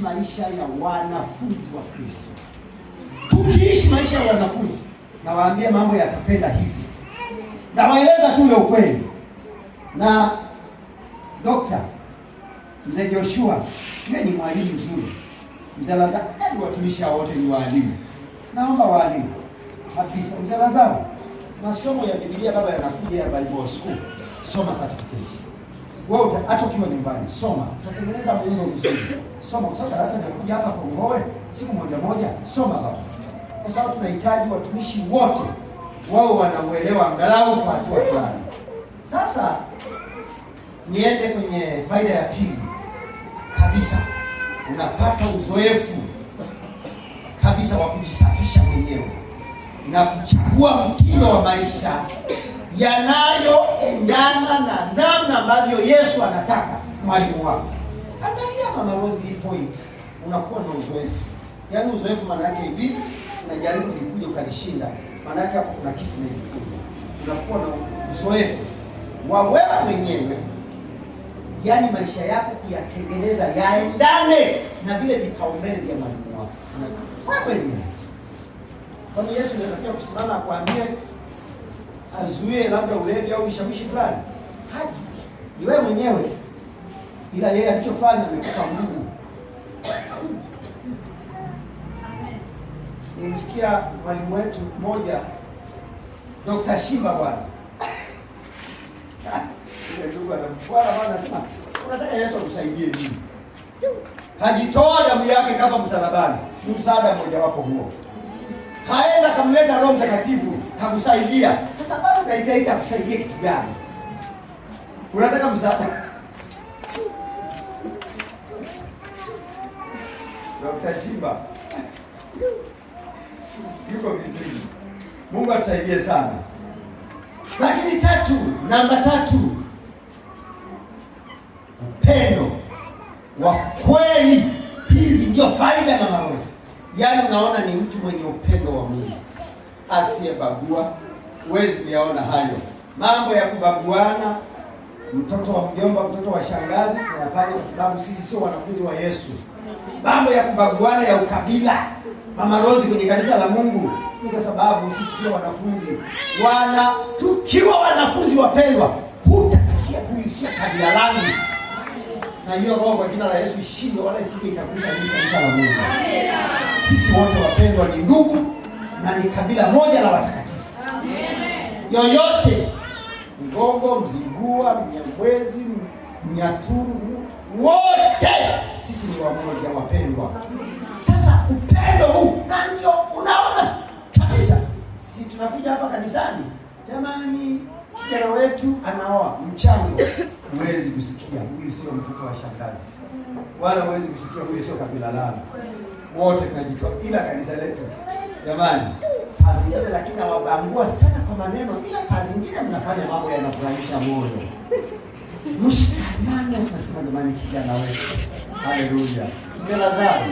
tuishi maisha ya wanafunzi wa Kristo. Tukiishi maisha ya wanafunzi, nawaambia mambo yatapenda hivi, nawaeleza tu ule ukweli. Na Dokta Mzee Joshua yeye ni mwalimu mzuri, Mzee Lazaro, yaani watumishi wote ni waalimu, naomba waalimu kabisa. Mzee Lazaro, masomo ya Biblia baba yanakuja ya Bible school, soma certificate wewe hata ukiwa nyumbani soma, tutengeneza muundo mzuri, soma, kwa sababu darasa linakuja hapa Kongowe siku moja moja, soma baba, kwa sababu tunahitaji watumishi wote wao wanauelewa angalau kwa hatua fulani. Sasa niende kwenye faida ya pili kabisa, unapata uzoefu kabisa wa kujisafisha mwenyewe na kuchagua mtindo wa maisha yanayoendana na ambavyo Yesu anataka mwalimu wako. Angalia Mama Rose hii point, unakuwa na uzoefu. Yaani uzoefu maana yake hivi, unajaribu likuja ukalishinda, maana yake hapo kuna kitu umejifunza. Unakuwa na uzoefu wa wewe mwenyewe, yaani maisha yako kuyatengeneza yaendane na vile vipaumbele vya mwalimu wako wewe Kwani Yesu ndiye kusimama akwambie azuie labda ulevi au ushawishi fulani? ni wewe mwenyewe, ila yeye alichofanya amekupa nguvu. nimsikia mwalimu wetu mmoja Dr. Shimba bwana unataka Yesu akusaidie nini? Kajitoa damu yake kama msalabani, ni msaada wapo huo. Kaenda kamleta Roho Mtakatifu kakusaidia. Sasa bado kaitaita akusaidie kitu gani? Unataka msaada? Dr. Shimba yuko vizuri. Mungu atusaidie sana. Lakini tatu, namba tatu, upendo wa kweli. Hizi ndio faida mama Rose. Yaani unaona ni mtu mwenye upendo wa Mungu asiyebagua. Huwezi kuyaona hayo mambo ya kubaguana mtoto wa mjomba, mtoto wa shangazi, tunafanya kwa sababu sisi sio wanafunzi wa Yesu. Mambo ya kubaguana ya ukabila, Mama Rose, kwenye kanisa la Mungu ni kwa sababu sisi sio wanafunzi wana. Tukiwa wanafunzi wapendwa, hutasikia kuisia kabila langu, na hiyo roho kwa jina la Yesu shinde wala isije ikagusa hili kanisa la Mungu. Sisi wote wapendwa ni ndugu na ni kabila moja la watakatifu. Yoyote Mkongo, Mzigua, Mnyamwezi, Mnyaturu, wote sisi ni wamoja, wapendwa. Sasa upendo huu na ndio unaona kabisa, si tunakuja hapa kanisani, jamani, kijana wetu anaoa mchango. Huwezi kusikia huyu sio mtoto wa shangazi, wala huwezi kusikia huyu sio kabila lao, wote tunajitoa, ila kanisa letu jamani saa zingine, lakini awabangua sana kwa maneno, ila saa zingine mnafanya mambo yanafurahisha moyo. Mshikamane, unasema jamani, kijana wetu. Haleluya! mzee Lazaro